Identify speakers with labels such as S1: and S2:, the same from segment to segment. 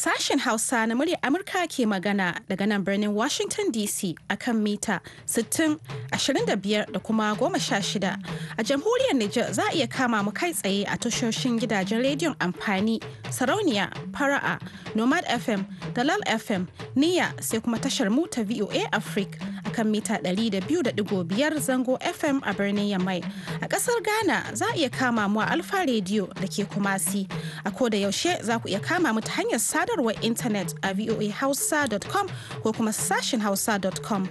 S1: Sashen Hausa na murya Amurka ke magana daga nan birnin Washington DC akan mita 60, 25 da kuma 16. A jamhuriyar Nijar za a iya kama mu kai tsaye a tashoshin gidajen rediyon amfani, sarauniya, fara'a, Nomad FM, Dalal FM, Niya sai kuma tashar mu ta VOA Africa akan mita 200.5 zango FM a birnin Yamai. A ƙasar Ghana za a iya kama mu a Alfa Radio da ke Kumasi. A ko da yaushe za ku iya kama mu ta hanyar sada sadarwar intanet a voahausa.com ko kuma sashen hausa.com.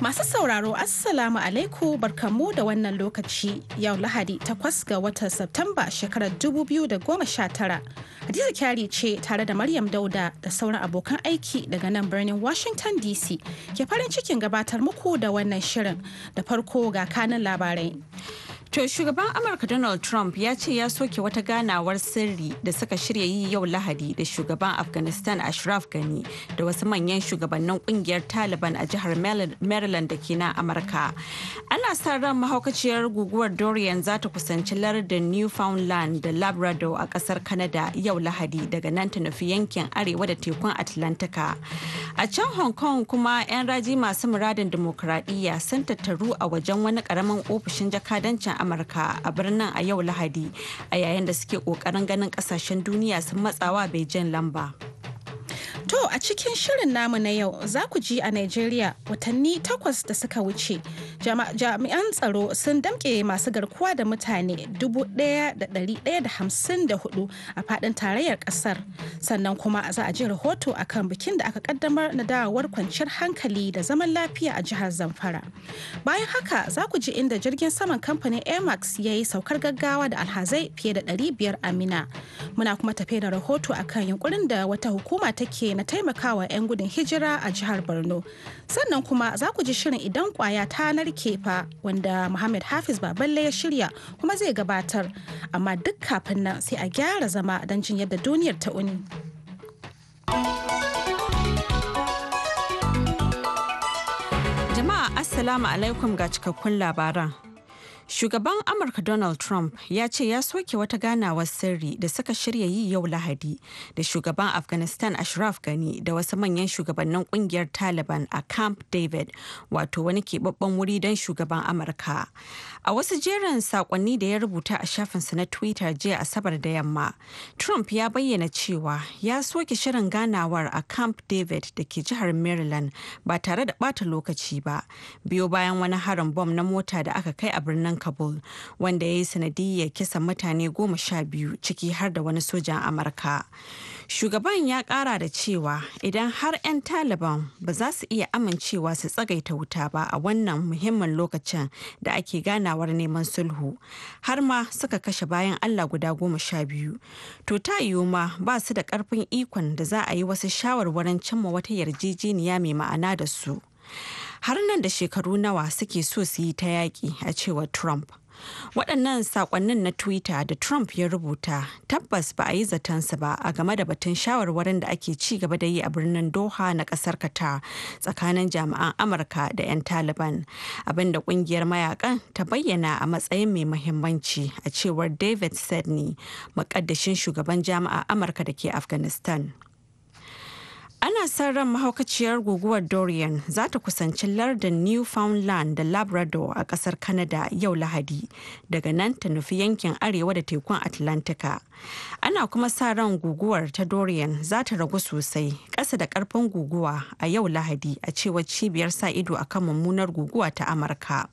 S1: Masu sauraro Assalamu alaikum barkamu da wannan lokaci yau Lahadi takwas ga watan Satumba shekarar 2019. Hadiza Kyari ce tare da Maryam Dauda da sauran abokan aiki daga nan birnin Washington DC ke farin cikin gabatar muku da wannan
S2: shirin da farko ga kanin labarai. To shugaban Amurka Donald Trump ya ce ya soke wata ganawar sirri da suka shirya yi yau Lahadi da shugaban Afghanistan Ashraf Gani da wasu manyan shugabannin kungiyar Taliban a jihar Maryland da ke nan Amurka. Ana sa ran mahaukaciyar guguwar Dorian za ta kusanci lardin Newfoundland da Labrador a kasar Canada yau Lahadi daga nan ta nufi yankin arewa da tekun Atlantika. A can Hong Kong kuma 'yan raji masu muradin dimokuraɗiyya sun tattaru a wajen wani ƙaramin ofishin jakadancin amurka a birnin a yau lahadi a yayin da suke ƙoƙarin ganin ƙasashen duniya sun matsawa beijing lamba
S1: To a cikin shirin namu na yau za ku ji a Najeriya watanni takwas da suka wuce jami'an tsaro sun damƙe masu garkuwa da mutane 1,154 a fadin tarayyar ƙasar sannan kuma za a ji rahoto a kan bikin da aka kaddamar na dawowar kwanciyar hankali da zaman lafiya a jihar Zamfara. Bayan haka za ku ji inda jirgin saman kamfanin Max ya yi saukar gaggawa da alhazai fiye da 500 a Muna kuma tafe da rahoto akan yunkurin da wata hukuma take na taimakawa 'yan gudun hijira a jihar borno sannan kuma za ku ji shirin idan kwaya ta narke fa wanda muhammad hafiz baballe ya shirya kuma zai gabatar amma duk kafin nan sai a gyara zama don jin yadda duniyar ta uni.
S2: Jama'a Assalamu alaikum ga cikakkun labaran. Shugaban Amurka Donald Trump ya ce ya soke wata ganawar sirri da suka shirya yi yau Lahadi da shugaban Afghanistan Ashraf Gani da wasu manyan shugabannin kungiyar Taliban a Camp David wato wani keɓaɓɓen wuri don shugaban Amurka. A wasu jerin sakonni da ya rubuta a shafinsa na Twitter jiya Asabar da yamma, Trump ya bayyana cewa ya soke shirin ganawar a Camp David da ke jihar Maryland ba tare da bata lokaci ba, biyo bayan wani harin bom na mota da aka kai a birnin Kabul, wanda ya yi sanadiyyar kisan mutane goma sha biyu ciki har da wani sojan Amurka. Shugaban ya kara da cewa idan har 'yan Taliban ba za su iya amincewa su tsagaita wuta ba a wannan muhimmin lokacin da ake ganawar neman sulhu har ma suka kashe bayan Allah guda goma sha biyu. To ta yiwu ma ba su da karfin ikon da za a yi wasu shawarwarin cimma wata yarjejeniya mai ma'ana da su. har nan da shekaru nawa suke so su yi ta yaƙi a cewar Trump. Waɗannan saƙonnin na Twitter da Trump ya rubuta tabbas ba a yi zatonsa ba a game da batun shawarwarin da ake ci gaba da yi a birnin Doha na ƙasar Qatar tsakanin jami'an Amurka da 'yan Taliban, abinda ƙungiyar mayakan ta bayyana a matsayin mai muhimmanci a cewar David Sedney, muƙaddashin shugaban jami'a Amurka da ke Afghanistan. ana son ran mahaukaciyar guguwar dorian za ta kusanci lardin newfoundland da labrador a kasar Kanada yau lahadi daga nan ta nufi yankin arewa da tekun atlantika ana kuma sa ran guguwar ta dorian za ta ragu sosai ƙasa da ƙarfin guguwa a yau lahadi a cewar cibiyar sa ido akan mummunar guguwa ta amurka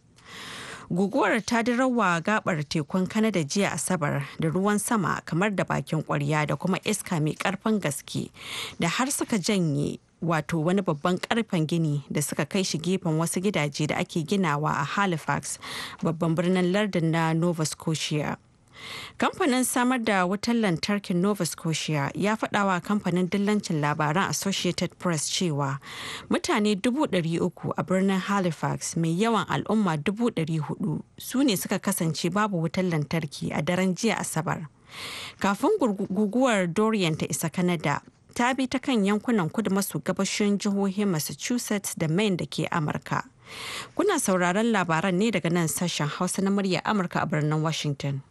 S2: guguwar ta dirawa gabar tekun kanada jiya asabar da ruwan sama kamar da bakin kwarya da kuma iska mai karfin gaske da har suka janye wato wani babban karfen gini da suka kai shi gefen wasu gidaje da ake ginawa a halifax babban birnin lardin na nova scotia Kamfanin samar da wutar lantarkin Nova Scotia ya faɗawa kamfanin dillancin labaran Associated Press cewa mutane 300,000 a birnin Halifax mai yawan al'umma 400,000 su ne suka kasance babu wutar lantarki a daren jiya Asabar. Kafin guguwar Dorian ta isa Kanada, ta bi ta kan yankunan kudu maso gabashin jihohin Massachusetts da Maine da ke Amurka. Kuna sauraron labaran ne daga nan sashen Hausa na murya Amurka a birnin Washington.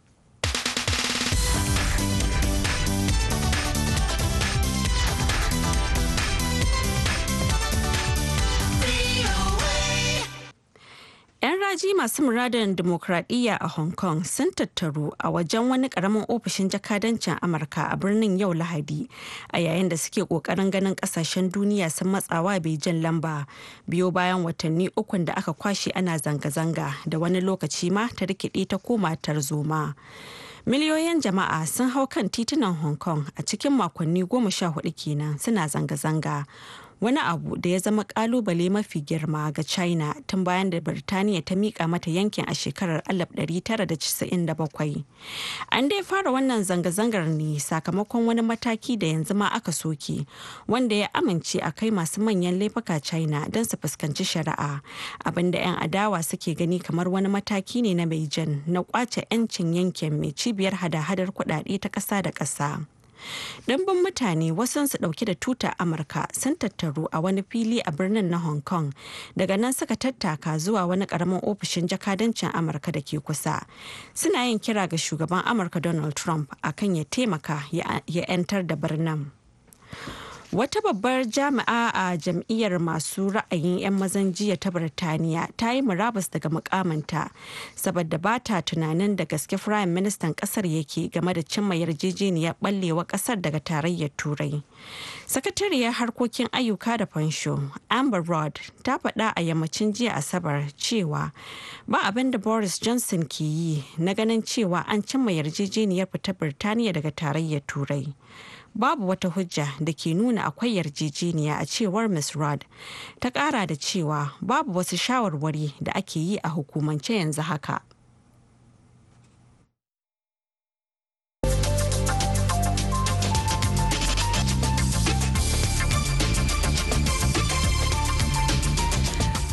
S2: Siraji masu muradin demokradiyya a Hong Kong sun tattaru a wajen wani karamin ofishin jakadancin Amurka a birnin yau Lahadi a yayin da suke kokarin ganin kasashen duniya sun matsawa Beijing lamba biyo bayan watanni ukun da aka kwashe ana zanga-zanga da wani lokaci ma ta rikide ta koma zoma Miliyoyin jama'a sun hau kan titunan Hong Kong a cikin makonni goma sha hudu kenan suna zanga-zanga. wani abu da ya zama kalubale mafi girma ga china tun bayan da birtaniya ta mika mata yankin a shekarar 1997 an dai fara wannan zanga-zangar ne sakamakon wani mataki da yanzu ma aka soke wanda ya amince a kai masu manyan laifuka china don su fuskanci shari'a abinda 'yan adawa suke gani kamar wani mataki ne na beijing na kwace 'yancin yankin mai cibiyar hada-hadar kudade ta ƙasa da ƙasa. Ɗanban mutane wasansu ɗauke da tuta Amurka sun tattaru a wani fili a birnin na Hong Kong. Daga nan suka tattaka zuwa wani ƙaramin ofishin jakadancin Amurka da ke kusa. Suna yin kira ga shugaban Amurka Donald Trump akan ya taimaka ya 'yantar da birnin. Wata babbar jami'a a jam'iyyar masu ra'ayin 'yan mazan jiya ta Birtaniya ta yi murabus daga mukamanta saboda ba ta tunanin da gaske firayim ministan kasar yake game da cimma yarjejeniyar ballewa kasar daga tarayyar turai. Sakatariyar harkokin ayyuka da fansho Amber Rod ta faɗa a yammacin jiya Asabar cewa ba abin da Boris Johnson ke yi na ganin cewa an cimma yarjejeniyar fita Birtaniya daga tarayyar turai. babu wata hujja da ke nuna akwai yarjejeniya a cewar Ms. Rudd. Ta kara da cewa babu wasu shawarwari da ake yi a hukumance yanzu haka.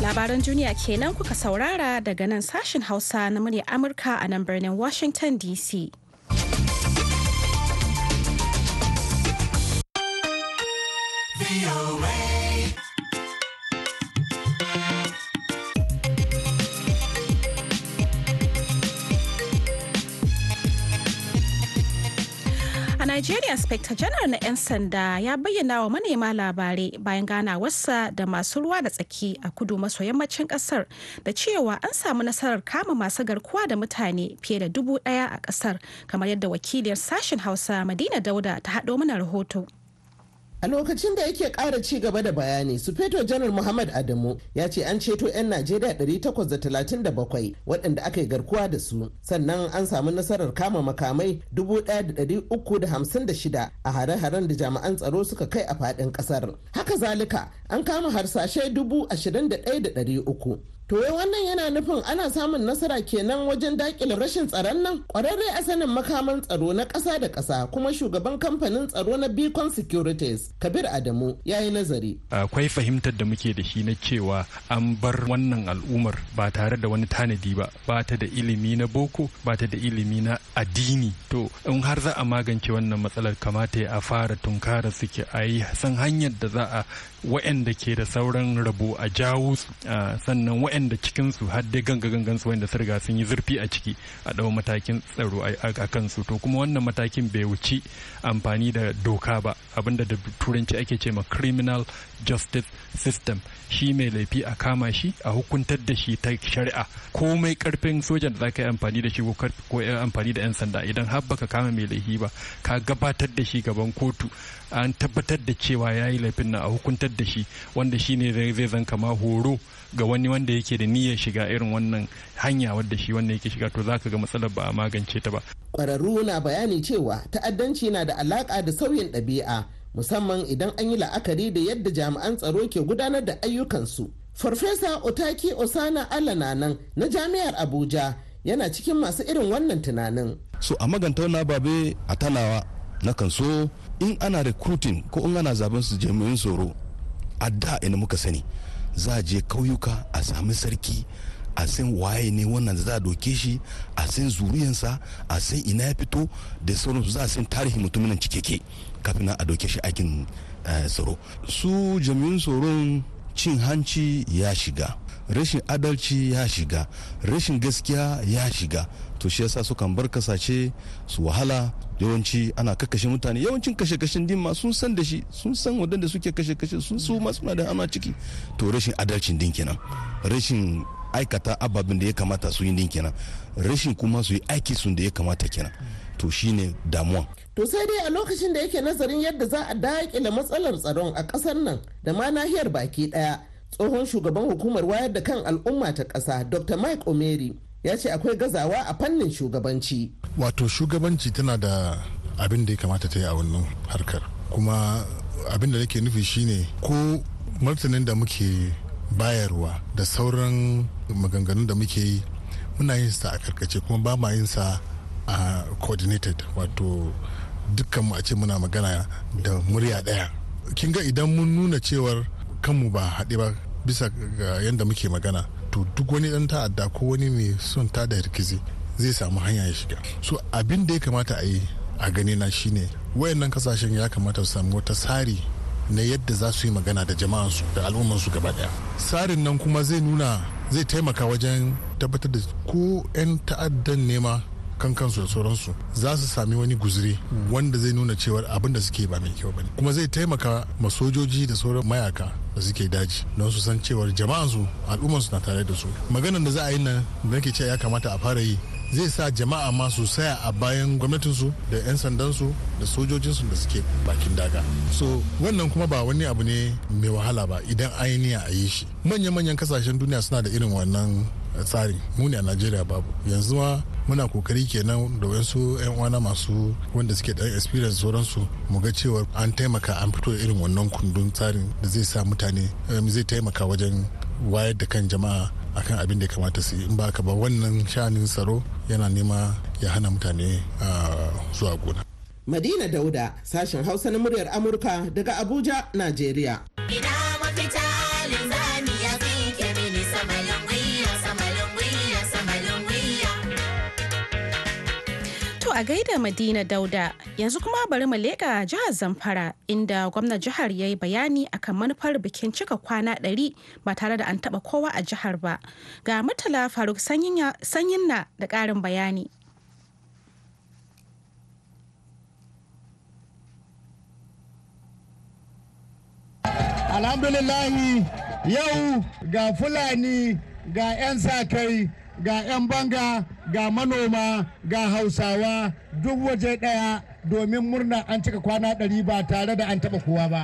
S1: Labaran duniya kenan kuka saurara daga nan sashin Hausa na murya Amurka a nan birnin Washington DC. A Nigeria Inspector General na 'yan sanda ya bayyana wa manema labarai bayan ganawarsa da masu ruwa da tsaki a kudu maso yammacin kasar da cewa an samu nasarar kama masu garkuwa da mutane fiye da dubu daya a kasar kamar yadda wakiliyar sashen Hausa Madina Dauda ta haɗo mana rahoto. A lokacin da
S3: yake ƙara ci gaba da bayani, Sufeto Janar Muhammad Adamu ya ce an ceto 'yan Najeriya 837 waɗanda aka yi garkuwa da su, sannan an samu nasarar kama makamai 1,356 a hare-haren da jami'an tsaro suka kai a faɗin ƙasar. Haka zalika an kama harsashe To wannan yana nufin ana samun nasara kenan wajen dakile rashin tsaron nan kwararre a sanin makaman tsaro na ƙasa da ƙasa kuma shugaban kamfanin tsaro na Beacon Securities Kabir Adamu
S4: ya yi nazari. Akwai fahimtar da muke da shi na cewa an bar wannan al'ummar ba tare da wani tanadi ba ba ta da ilimi na boko ba ta da ilimi na addini to in har za a magance wannan matsalar kamata ya fara tunkara suke a yi san hanyar da za a wa'anda ke da sauran rabo a jawo ah, sannan cikin cikinsu har dai ganga gangan su waɗanda su sun yi zurfi a ciki a dau matakin tsaro a kansu to kuma wannan matakin bai wuci amfani da doka ba abinda da turanci ake ce ma criminal justice system shi mai laifi a kama shi a hukuntar da shi ta shari'a ko mai karfin sojan da zaka yi amfani da shi ko amfani da 'yan sanda idan har baka kama mai laifi ba ka gabatar da shi gaban kotu an tabbatar da cewa ya yi laifin nan a hukuntar da shi wanda shi ne zai zankama ma horo ga wani wanda yake da niyyar shiga irin wannan hanya wadda shi wanda yake shiga to zaka ga matsalar ba a magance ta ba
S3: kwararru na bayani cewa ta'addanci na da alaƙa da sauyin ɗabi'a musamman idan an yi la'akari da yadda jami'an tsaro ke gudanar da ayyukansu farfesa otaki osana alananan na jami'ar abuja yana cikin masu irin wannan tunanin
S5: so a magantauna babe a talawa na kan so in ana recruiting ko in ana zaben su jami'in tsaro a da ina muka sani za a je kauyuka a sami sarki a san waye ne wannan za a doke shi a san zuriyansa a san ina ya fito da sauransu za a san tarihi mutumin nan cikeke kafin a doke shi aikin eh, tsaro su jami'un tsoron cin hanci ya shiga rashin adalci ya shiga rashin gaskiya ya shiga to shi yasa sukan bar kasace su wahala yawanci ana kakkashe mutane yawancin kashe-kashen din sun san da shi sun san wadanda suke kashe-kashe sun su ma suna da ama ciki to rashin adalcin din kenan rashin aikata ababen da ya kamata su yi din kenan rashin kuma su yi aiki sun da ya kamata kenan to shine damuwa
S3: to sai dai a lokacin da yake nazarin yadda za a daƙile matsalar tsaron a kasar nan da ma nahiyar baki ɗaya tsohon shugaban hukumar wayar da kan al'umma ta ƙasa dr mike omeri ya ce akwai gazawa a fannin shugabanci
S5: wato shugabanci tana da abin da ya kamata ta yi a wannan harkar kuma abin da nake nufi shine ko martanin da muke bayarwa da sauran maganganun da muke yi muna yin sa a karkace kuma ba ma yin sa a coordinated wato dukkan mu a ce muna magana da murya ɗaya kin ga idan mun nuna cewar kanmu ba haɗe ba bisa ga yadda muke magana to duk wani dan ta'adda ko wani mai son ta da rikizi zai samu hanya ya shiga so abin da ya kamata a yi a gani na shine wayannan kasashen ya kamata su samu wata tsari na yadda za su yi magana da jama'ansu da al'ummansu gaba daya tsarin nan kuma zai nuna zai taimaka wajen tabbatar da ko 'yan ta'addan nema kan kansu da sauransu za su sami wani guzuri wanda zai nuna cewa abin da suke ba mai kyau bane kuma zai taimaka ma sojoji da sauran mayaka da suke daji don su san cewar jama'ansu al'ummarsu na tare da su maganan da za a yi nan da nake cewa ya kamata a fara yi zai sa jama'a ma su saya a bayan gwamnatinsu da 'yan sandansu da sojojinsu da suke bakin daga so wannan kuma ba wani abu ne mai wahala ba idan ainiya a yi shi manya-manyan kasashen duniya suna da irin wannan tsarin mu a nigeria babu yanzu ma muna kokari kenan da wasu yan uwana masu wanda suke ɗan experience sauransu mu ga cewa an taimaka an fito irin wannan kundin tsarin da zai sa mutane um, zai taimaka wajen wayar da kan jama'a akan abin da ya kamata su in ba ka ba wannan shanin tsaro yana nema ya hana mutane zuwa gona.
S3: Madina Dauda, sashen Hausa na muryar Amurka daga Abuja, Najeriya.
S1: a gaida Madina Dauda yanzu kuma bari mu leƙa jihar Zamfara inda gwamnan jihar ya yi bayani akan manufar bikin cika kwana ɗari ba tare da an taɓa kowa a jihar ba. Ga Murtala Faruk sanyin na da ƙarin bayani.
S6: Alhamdulillahi yau ga Fulani ga 'yan sa kai ga 'yan banga ga manoma ga hausawa duk waje ɗaya domin murna an cika kwana ɗari ba tare da an taɓa kowa ba.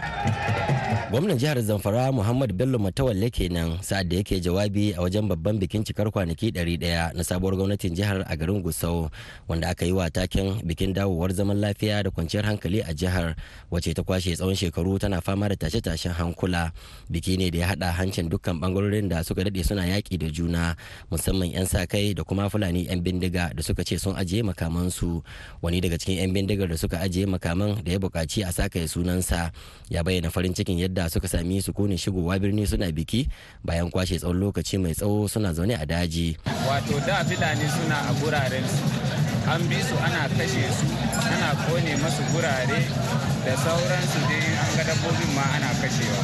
S7: gwamnan jihar zamfara muhammad bello matawalle kenan sa'ad da yake jawabi a wajen babban bikin cikar kwanaki 100 na sabuwar gwamnatin jihar a garin gusau wanda aka yi wa taken bikin dawowar zaman lafiya da kwanciyar hankali a jihar wace ta kwashe tsawon shekaru tana fama da tashe-tashen hankula biki ne da ya haɗa hancin dukkan bangarorin da suka dade suna yaki da juna musamman 'yan sa kai da kuma fulani 'yan bindiga da suka ce sun ajiye makamansu wani daga cikin 'yan bindigar da suka ajiye makaman da ya buƙaci a sakaye sunansa ya bayyana farin cikin yadda da suka sami sukunin shigowa birni suna biki bayan kwashe tsawon lokaci mai tsawo suna zaune a daji
S8: wato da fulani suna a guraren an bi su ana kashe su
S9: ana kone masu gurare da sauransu dai an ga dabbobin ma ana kashewa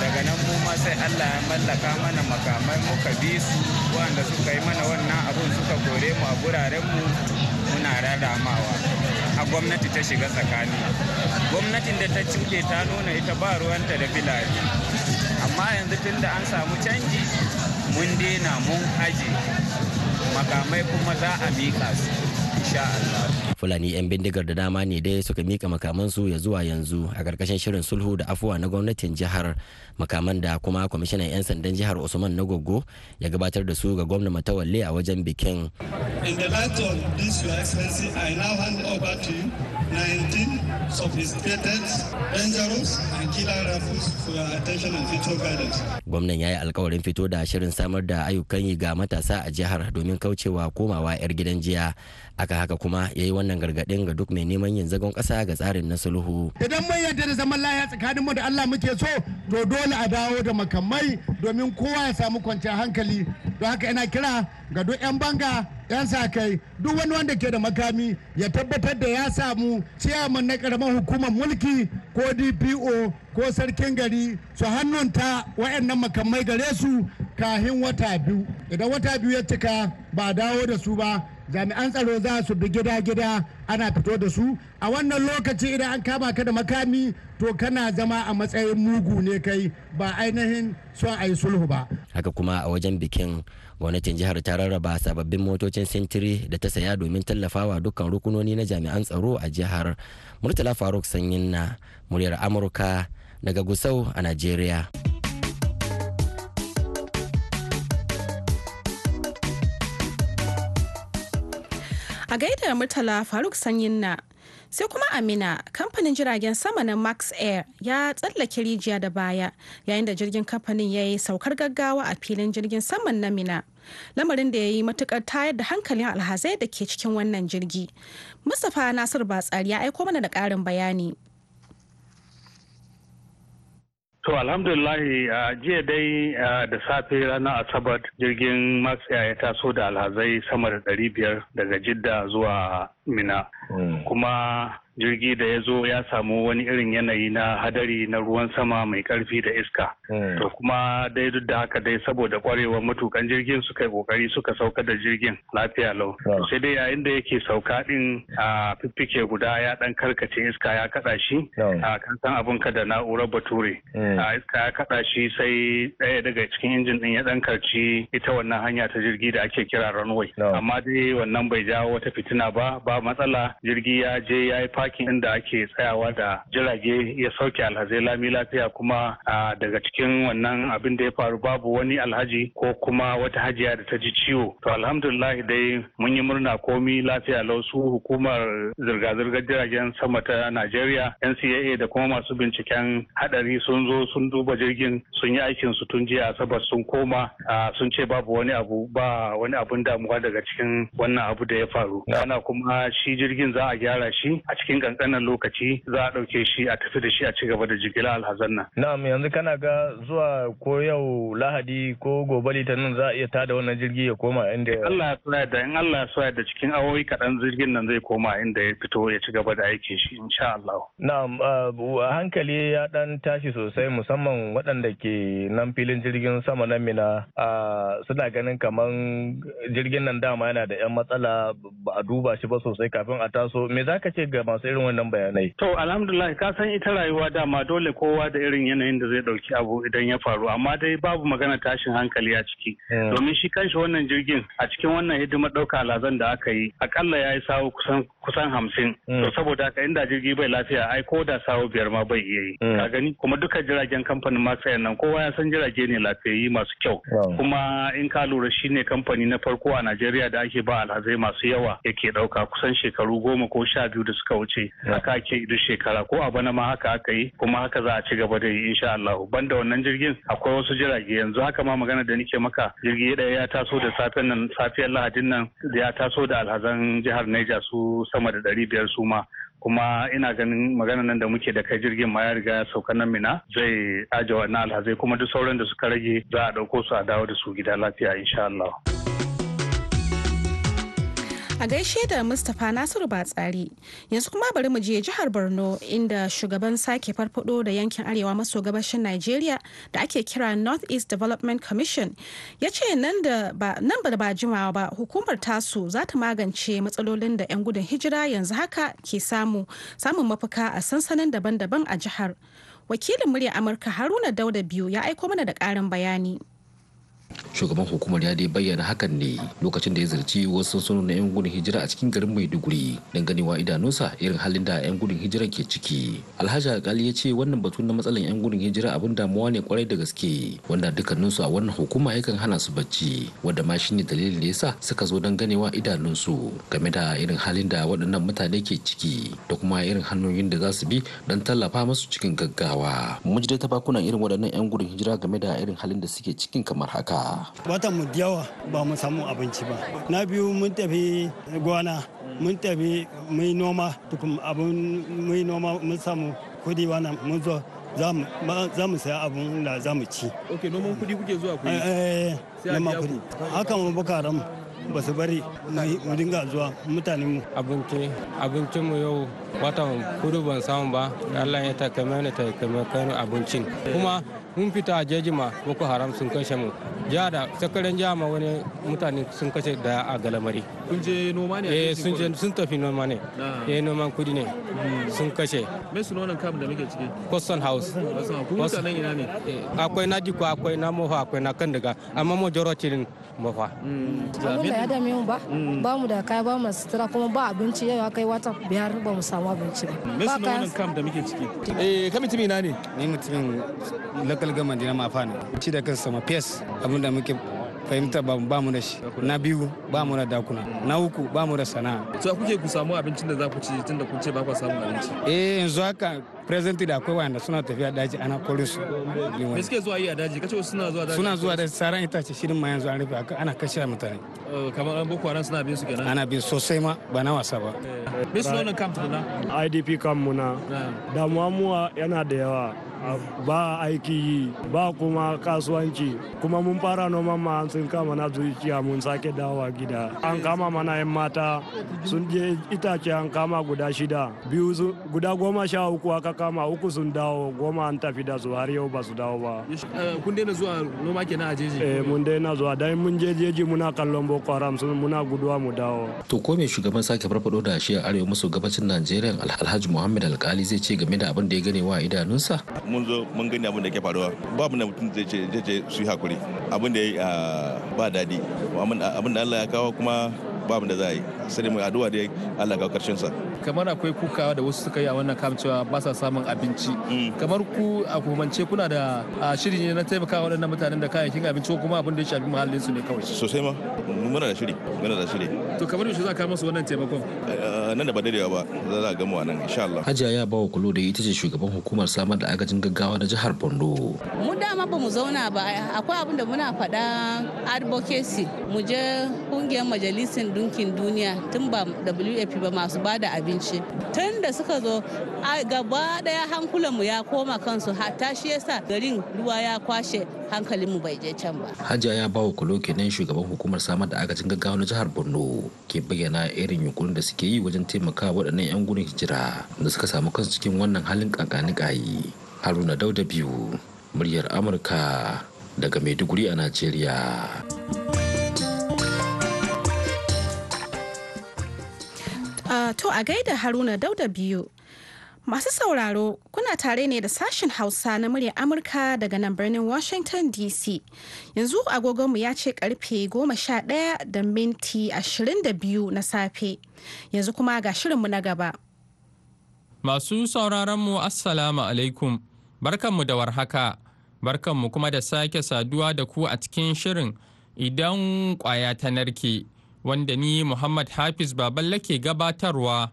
S9: daga nan kuma sai allah ya mallaka mana makamai muka bi su wanda suka yi mana wannan abun suka kore mu a gurarenmu muna raramawa a gwamnati ta shiga tsakani gwamnatin da ta cike ta nuna ita ba ruwanta da filari amma yanzu tun da an samu canji mun dena, mun aje makamai kuma za a miƙa su
S7: insha Fulani 'yan bindigar da dama ne dai suka mika makamansu ya zuwa yanzu a karkashin shirin sulhu da afuwa na gwamnatin jihar makaman da kuma kwamishinan 'yan sandan jihar Usman na Nagogo ya gabatar da su ga gwamna Matawalle a wajen bikin.
S10: In the light of this, Your Excellency, I now
S1: hand over to you sophisticated, dangerous and killer rifles for your attention and future guidance.
S7: Gwamnan ya yi alkawarin fito da shirin samar da ayyukan yi ga matasa a jihar domin kaucewa komawa 'yar gidan jiya. Aka haka kuma ya yi wannan gargaɗin ga duk mai neman yin zagon ƙasa ga tsarin na sulhu.
S6: Idan mun yadda da zaman laya tsakanin mu da Allah muke so, to dole a dawo da makamai domin kowa ya samu kwanciyar hankali. Don haka ina kira ga duk 'yan banga 'yan sa kai duk wani wanda ke da makami ya tabbatar da ya samu ciyaman na karamar hukumar mulki ko dpo ko sarkin gari su hannunta wayannan makamai gare su kahin wata biyu idan wata biyu ya cika ba dawo da su ba jami'an tsaro za su bi gida-gida ana fito da su a wannan lokaci idan an kama ka da makami to kana zama a matsayin mugu ne kai ba ainihin son a yi sulhu ba
S7: haka kuma a wajen bikin gwamnatin jihar ta rarraba sababbin motocin sintiri da ta saya domin tallafawa dukkan rukunoni na jami'an tsaro a jihar murtala faruk sanyin na muryar amurka daga gusau a najeriya
S1: a gaida murtala faruk sanyin na sai kuma amina kamfanin jiragen sama na max air ya tsallake rijiya da baya yayin da jirgin kamfanin ya yi saukar gaggawa a filin jirgin saman na mina lamarin da ya yi matukar tayar da hankalin alhazai da ke cikin wannan jirgi mustapha nasir batsari ya aiko mana da karin bayani
S11: To alhamdulillahi a jiya dai da safe ranar Asabar jirgin matsaya ya taso da alhazai sama da ɗari biyar daga Jidda zuwa Mina. Hmm. Kuma jirgi da ya zo ya samu wani irin yanayi na hadari na ruwan sama mai karfi da iska. Hmm. To kuma dai duk da haka dai saboda kwarewar matukan jirgin suka yi kokari suka sauka da jirgin lafiya lau. Hmm. Sai dai yayin da yake sauka din a fiffike guda ya dan karkace iska ya kada shi hmm. a kan san abin ka da na'urar bature. A iska ya kada shi sai ɗaya daga cikin injin din ya dan karci ita wannan hanya ta jirgi da ake kira runway. Amma dai wannan bai jawo wata fitina ba ba matsala jirgi ya je ya yi ɗakin inda ake tsayawa da jirage ya sauke alhazai lami lafiya kuma daga cikin wannan abin da ya faru babu wani alhaji ko kuma wata hajiya da ta ji ciwo to alhamdulillah dai mun yi murna komi lafiya lau su hukumar zirga-zirgar jiragen sama ta najeriya ncaa da kuma masu binciken hadari sun zo sun duba jirgin sun yi aikin su tun jiya asabar sun koma sun ce babu wani abu ba wani abun damuwa daga cikin wannan abu da ya faru ana kuma shi jirgin za a gyara shi a cikin cikin lokaci za a ɗauke shi a tafi da shi a cigaba da jigila alhazan nan. Na'am yanzu kana ga zuwa ko yau Lahadi ko gobe Litinin za a iya tada wannan jirgi ya koma inda Allah ya da in Allah ya da cikin awowi kaɗan jirgin nan zai koma inda ya fito ya ci gaba da aiki shi insha Allah. Na'am hankali ya ɗan tashi sosai musamman waɗanda ke nan filin jirgin sama na Mina suna ganin kamar jirgin nan dama yana da 'yan matsala ba a duba shi ba sosai kafin a taso me za ka ce ga masu masu irin wannan bayanai. To alhamdulillah ka san ita rayuwa dama dole kowa da irin yanayin da zai dauki abu idan ya faru amma dai babu magana tashin hankali a ciki. Hmm. Domin shi kanshi wannan jirgin a cikin wannan hidimar ɗauka alazan da aka yi akalla ya yi sawo kusan kusan hamsin. Hmm. To saboda haka inda jirgi bai lafiya ai ko da sawo biyar ma bai iya yi. Hmm. Ka gani kuma duka jiragen kamfanin ma sayan nan kowa ya san jirage ne lafiyayi masu kyau. Kuma in ka lura shi ne kamfani na farko a Najeriya da ake ba alhazai masu yawa yake ɗauka kusan shekaru goma ko sha biyu da suka wuce. wuce haka ake duk shekara ko a bana ma haka aka yi kuma haka za a ci gaba da yi insha Allah banda wannan jirgin akwai wasu jirage yanzu haka ma magana da nake maka jirgi daya ya taso da safiyar nan safiyar Lahadin nan ya taso da alhazan jihar Niger su sama da ɗari biyar su ma kuma ina ganin magana nan da muke da kai jirgin ma ya riga ya sauka nan mina zai aje wannan alhazai kuma duk sauran da suka rage za a ɗauko su a dawo da su gida lafiya insha Allah.
S1: A gaishe da Mustapha Nasiru Batsari yanzu kuma bari mu je jihar Borno inda shugaban sake farfado da yankin arewa maso gabashin nigeria da ake kira North East Development Commission ya ce nan ba da ba jimawa ba hukumar tasu za ta magance matsalolin da 'yan gudun hijira yanzu haka ke samu samun mafuka a sansanin daban-daban a jihar. Wakilin murya Amurka Haruna Dauda biyu ya aiko mana da ƙarin bayani.
S10: shugaban hukumar ya dai bayyana hakan ne lokacin da ya zarci wasu sunan na 'yan gudun hijira a cikin garin maiduguri don ganewa idanunsa irin halin da 'yan gudun hijira ke ciki alhaji alkali ya ce wannan batu na matsalan 'yan gudun hijira abin damuwa ne kwarai da gaske wanda dukkaninsu a wannan hukuma yakan hana su bacci wanda ma shine dalilin da yasa suka zo don ganewa idanunsu game da irin halin da waɗannan mutane ke ciki da kuma irin hanyoyin da za su bi don tallafa musu cikin gaggawa mu ji ta bakunan irin waɗannan 'yan gudun hijira game da irin halin da suke cikin kamar haka
S11: watan mu yawa ba mu samu abinci ba na biyu mun tafi gwana mun tafi mai noma tukun abin mai noma mun samu kudi wannan mun zo za mu saya abin da za mu ci. ok noman kudi kuke zuwa kudi? eh, eh noman kudi haka mu bukaram ba su bari mu dinga zuwa mutane mu abinci
S8: abinci mu yau watan kudu ban samu ba Allah ya takame ni takame kanu abincin kuma mun fita a jejima boko haram sun kashe mu ja da sakaren jama wani mutane sun kashe da a galamari kun je noma ne eh sun je sun tafi noma ne eh noman kudi ne hmm. sun kashe me su nonan kam da muke ciki custom house kun mutanen ina ne eh, akwai na jiko akwai na mofa akwai na kan daga amma mu joro cirin mofa hmm. abin da ya
S1: dame mu ba hmm. ba mu da kaya ba mu sutura kuma ba abinci yau kai wata biyar ba mu samu abinci ba me su nonan
S10: kam da muke ciki eh kai mutum ina ne ni mutumin local ma na mafana ci da kansa ma fes abinda muke fahimta ba mu da shi na biyu ba mu da dakuna na uku ba mu da sana'a to kuke ku samu abincin da za ku ci tunda kun ce ba ku samu abinci eh yanzu haka presently da akwai wanda suna tafiya daji ana kore su me suke zuwa yi a daji kace suna zuwa daji suna zuwa daji saran itace shirin ma yanzu an rufe ana kashe mutane oh, kamar an boko haram suna bin su kenan ana bin sosai ma ba na wasa ba eh. me suna wannan camp na IDP camp muna ah. damuwa muwa yana da yawa ba aiki yi ba kuma kasuwanci kuma mun fara noman ma sun kama na zuciya mun sake dawowa gida an kama mana yan mata sun je itace an kama guda shida biyu guda goma sha uku aka kama uku sun dawo goma an tafi da su har yau ba su dawo ba. Eh, kun daina zuwa noma kenan a jeji? Eh mun daina zuwa dan mun je jeji muna kallon Boko Haram sun muna guduwa mu dawo. To ko me shugaban sake farfado da shi a arewa maso gabacin Najeriya Alhaji Muhammad Alkali zai ce game da abin da ya gane wa idanunsa? Mun zo mun gani abin da ke faruwa babu na mutum zai ce su yi hakuri abin da ya ah, ba daɗi abin da Allah ya kawo kuma ba mu da za a yi sai mu addu'a dai Allah ga karshen sa kamar akwai kukawa da wasu suka yi a wannan kam cewa ba sa samun abinci mm. kamar ku a kumance kuna da shiri ne na taimaka waɗannan mutanen da kayayyakin abinci ko kuma abin da ya shafi muhallin su ne kawai sosai ma muna da shiri muna da shiri to kamar yaushe za ka musu wannan taimakon eh, nan da ba daidai ba za a gama nan insha Allah Hajiya ya bawa kulo da ita ce shugaban hukumar samar da agajin gaggawa na jihar Borno
S1: mu dama ba mu zauna ba akwai abin da muna faɗa advocacy mu je kungiyar majalisin dunkin duniya tun ba WFP ba masu bada abinci tun da suka zo gaba daya hankulan mu ya koma kansu hatta shi yasa garin ruwa ya kwashe hankalin mu bai je can ba.
S10: Hajiya ya bawa kulo kenan shugaban hukumar samar da agajin gaggawa na jihar Borno ke bayyana irin yunkurin da suke yi wajen wajen taimaka waɗannan 'yan gudun hijira da suka samu kansu cikin wannan halin kankanin kayi haruna dauda biyu muryar amurka daga maiduguri a najeriya
S1: ah, to a gaida haruna dauda biyu Masu sauraro kuna tare ne da sashen Hausa na muryar Amurka daga nan birnin Washington DC. Yanzu agogonmu ya ce karfe 11 da minti 22 na safe. Yanzu kuma ga shirinmu na gaba.
S8: Masu sauraronmu Assalamu alaikum. Barkanmu da warhaka. Barkanmu kuma da sake saduwa da ku a cikin shirin idan kwaya ta narke. Wanda ni Muhammad Hafiz Baballe ke gabatarwa.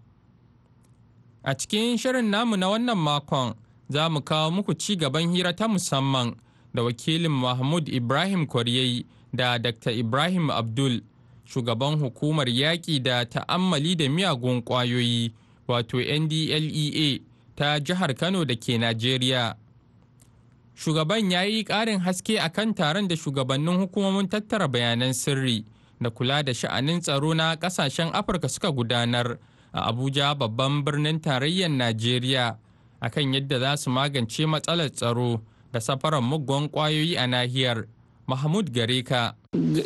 S8: A cikin shirin namu na wannan makon za mu kawo muku ci gaban hira ta musamman da wakilin Mahmud Ibrahim Koryai da Dr. Ibrahim Abdul, shugaban hukumar yaƙi da ta'ammali da miyagun ƙwayoyi wato NDLEA ta jihar Kano da ke Najeriya. Shugaban ya yi ƙarin haske a kan taron da shugabannin hukumomin tattara bayanan sirri da kula da sha'anin tsaro na ƙasashen Afirka suka gudanar. a abuja babban birnin tarayyar najeriya akan yadda za su magance matsalar tsaro da safarar muggan kwayoyi a nahiyar mahmud gareka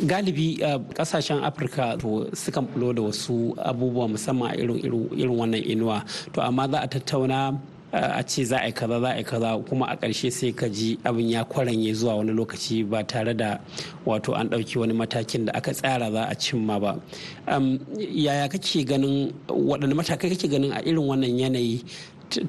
S9: galibi kasashen afirka to sukan bulo da wasu abubuwa musamman irin wannan inuwa to amma za a tattauna Eh, a ce za a yi kaza za a yi kaza kuma a ƙarshe sai ka ji abin ya kwaranye zuwa wani lokaci ba tare da wato an ɗauki wani matakin da aka tsara za a cimma ba yaya kake ganin waɗanne matakai kake ganin a irin wannan yanayi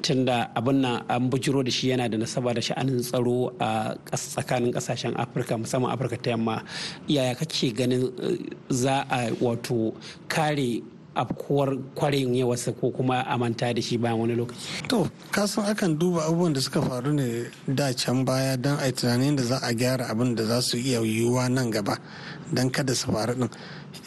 S9: tunda abin nan an bujiro da shi yana da nasaba da sha'anin tsaro a tsakanin kasashen afirka musamman afirka ta yamma yaya kake ganin eh, za a wato kare afkuwar kwarin wasu ko
S12: kuma a manta da shi bayan wani lokaci. To, kasan akan duba abubuwan da suka faru ne da can baya don a tunanin da za a gyara abin da za su iya yiwuwa nan gaba don kada su faru din.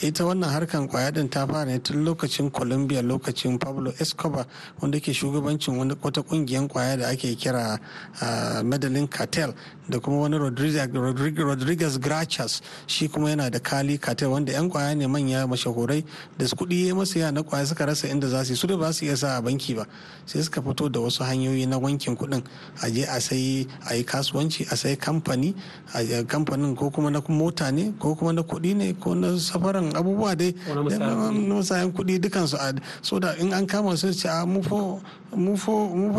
S12: Ita wannan harkan kwaya din ta fara ne tun lokacin Colombia lokacin Pablo Escobar wanda ke shugabancin wata kungiyar kwaya da ake kira ah, Medellin Cartel da kuma wani rodriguez gracias shi kuma yana da kali katel wanda yan kwaya ne manya mashahurai da su kudi ya masa yana kwaya suka rasa inda za su yi su da ba su iya sa a banki ba sai suka fito da wasu hanyoyi na wankin kudin a je a sai a yi kasuwanci a sai kamfani a kamfanin ko kuma na mota ne ko kuma na kudi ne ko na safaran abubuwa dai na musayan kuɗi dukansu a so da in an kama su ce a mufo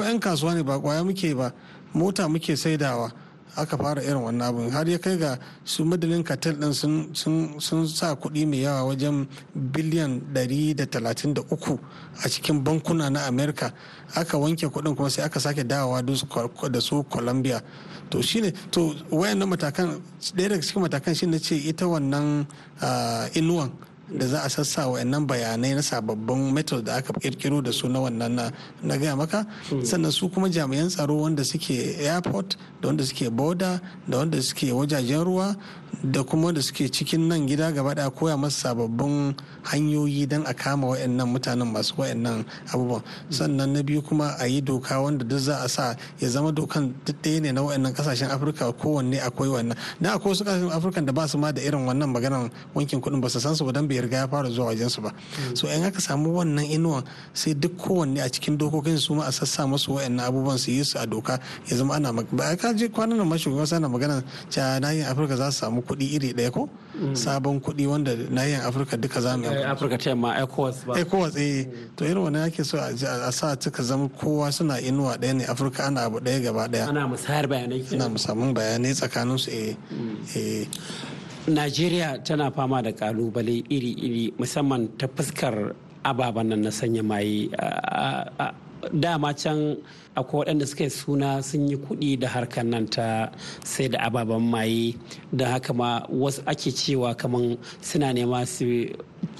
S12: yan kasuwa ne ba kwaya muke ba mota muke saidawa aka fara irin wannan abin har ya kai ga su madalin katel din sun sa kuɗi mai yawa wajen biliyan 133 a cikin bankuna na america aka wanke kuɗin kuma sai aka sake dawowa da su colombia to shine to wayannan matakan ɗaya daga cikin matakan shine ce ita wannan ah, inuwan da za a sassa wa'annan bayanai na sababbin metals da aka kirkiro da su na wannan na gaya maka hmm. sannan su kuma jami'an tsaro wanda suke airport da wanda suke border da wanda suke wajajen ruwa da kuma da suke cikin nan gida gaba daya koya masu sababbin hanyoyi don a kama wayannan mutanen masu wayannan abubuwan sannan na biyu kuma a yi doka wanda duk za a sa ya zama dokan duk ɗaya ne na wayannan kasashen afirka kowanne akwai wannan na akwai wasu kasashen afirka da ba su ma da irin wannan maganar wankin kuɗin ba su san su ba don bai riga ya fara zuwa wajen su ba so in aka samu wannan inuwan sai duk kowanne a cikin dokokin su ma a sassa masu wayannan abubuwan su yi su a doka ya zama ana ba ka je kwanan nan mashi shugaban sana magana ta nayin afirka za su samu samu kuɗi iri ɗaya ko mm. sabon kuɗi wanda yin afirka duka za mu yi eh, afirka ta yamma ecowas ba ecowas eh mm. to irin wannan ake so a sa cika zama kowa suna inuwa ɗaya ne afirka ana abu ɗaya gaba ɗaya ana musayar bayanai ana musamman bayanai tsakanin su eh, mm. eh Najeriya tana fama
S9: da kalubale iri-iri musamman ta fuskar ababen nan na sanya maye dama can akwai waɗanda suka yi suna sun yi kuɗi da harkar nan ta sai da ababen maye da haka ma wasu ake cewa kamar suna nema su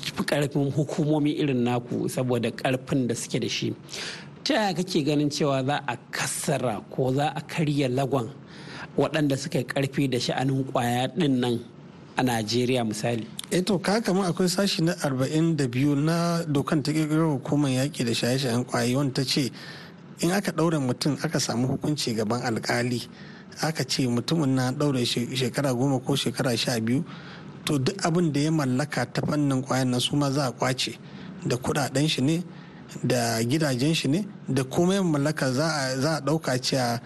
S9: fi ƙarfin hukumomi irin naku saboda ƙarfin da suke da shi ta yaya kake ganin cewa za a kassara ko za a karya lagon waɗanda suka yi ƙarfi da sha'anin ƙwaya ɗin nan a najeriya misali
S12: e to ka kama akwai sashi na biyu na dokan ta kirkirar hukumar yaƙi da shaye-shayen kwayi wanda ta ce in aka ɗaure mutum aka samu hukunci gaban alkali aka ce mutumin na ɗaure shekara goma ko shekara sha biyu to duk abin da ya mallaka ta fannin kwayan nan su ma za a kwace da kuɗaɗen shi ne da gidajen shi ne da komai mallaka za a ɗauka cewa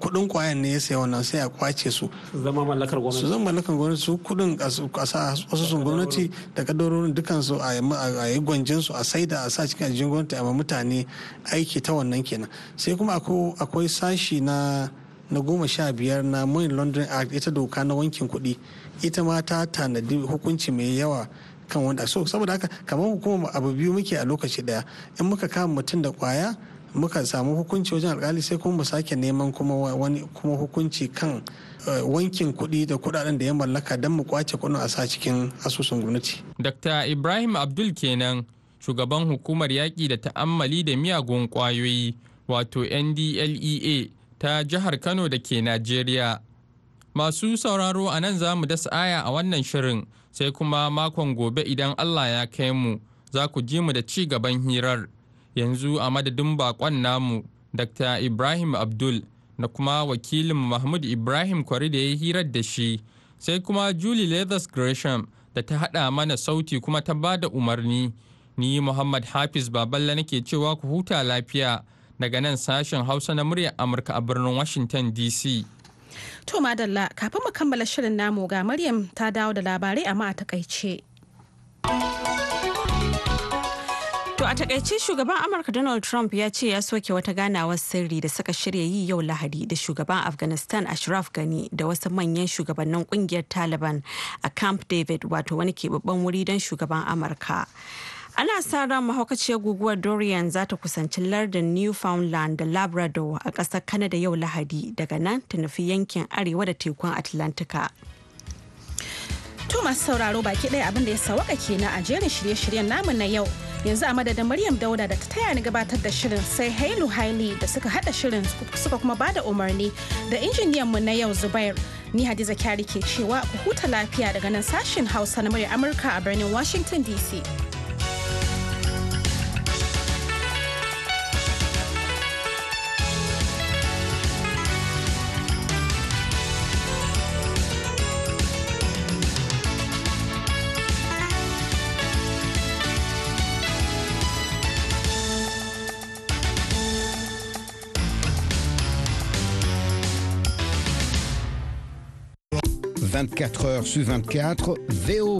S12: kudin kwayan ne ya saya wannan sai a kwace su su zama mallakar gwamnati su kudin a su gwamnati da kadarorin dukansu a yi gwanjin su a saida a sa cikin ajiyar gwamnati a mutane aiki ta wannan kenan sai kuma akwai sashi na na goma sha biyar na money laundering act ita doka na wankin kuɗi ita ma ta tanadi hukunci mai yawa kan wanda so saboda haka kamar hukumar abu biyu muke a lokaci daya in muka kama mutum da kwaya muka samu hukunci wajen alkali sai kuma mu sake neman kuma wani kuma hukunci kan eh, wankin kuɗi da kuɗaɗen da ya mallaka don mu kwace kuɗin a sa cikin asusun gwamnati.
S8: Dr. Ibrahim Abdul kenan shugaban hukumar yaƙi da ta'ammali da miyagun ƙwayoyi wato NDLEA ta jihar Kano da ke Najeriya. Masu sauraro a nan za mu dasa aya a wannan shirin sai kuma makon gobe idan Allah ya kai mu za ku ji mu da ci gaban hirar. yanzu a madadin bakon namu dr ibrahim abdul da kuma wakilin mahmud ibrahim kwari da ya hirar da shi sai kuma julie leathers gresham da ta haɗa mana sauti kuma ta ba da umarni ni muhammad hafiz baballa nake cewa ku huta lafiya daga nan sashen hausa na muryar amurka a birnin washington dc
S1: to madalla kafin mu kammala shirin namu ga maryam ta dawo da labarai amma a
S2: takaice a takaice shugaban Amurka Donald Trump ya ce ya soke wata ganawar sirri da suka shirya yi yau Lahadi da shugaban Afghanistan Ashraf Ghani da wasu manyan shugabannin kungiyar Taliban a Camp David wato wani keɓaɓɓen wuri don shugaban Amurka. ana sa ran mahaukaciyar guguwar dorian za ta kusanci lardin newfoundland da labrador a ƙasar kanada yau lahadi daga nan ta nufi yankin arewa da tekun atlantika
S1: to masu sauraro baki ɗaya abin da ya sawaka kenan a jerin shirye-shiryen namu na yau yanzu a madadin maryam dauda da ta taya ni gabatar da shirin sai hailu haili da suka hada shirin suka kuma bada umarni da injiniyanmu na yau zubair ni hadiza kyari ke cewa ku huta lafiya daga nan sashen hausa na murya amurka a birnin washington dc
S11: 24 heures sur 24, VOA.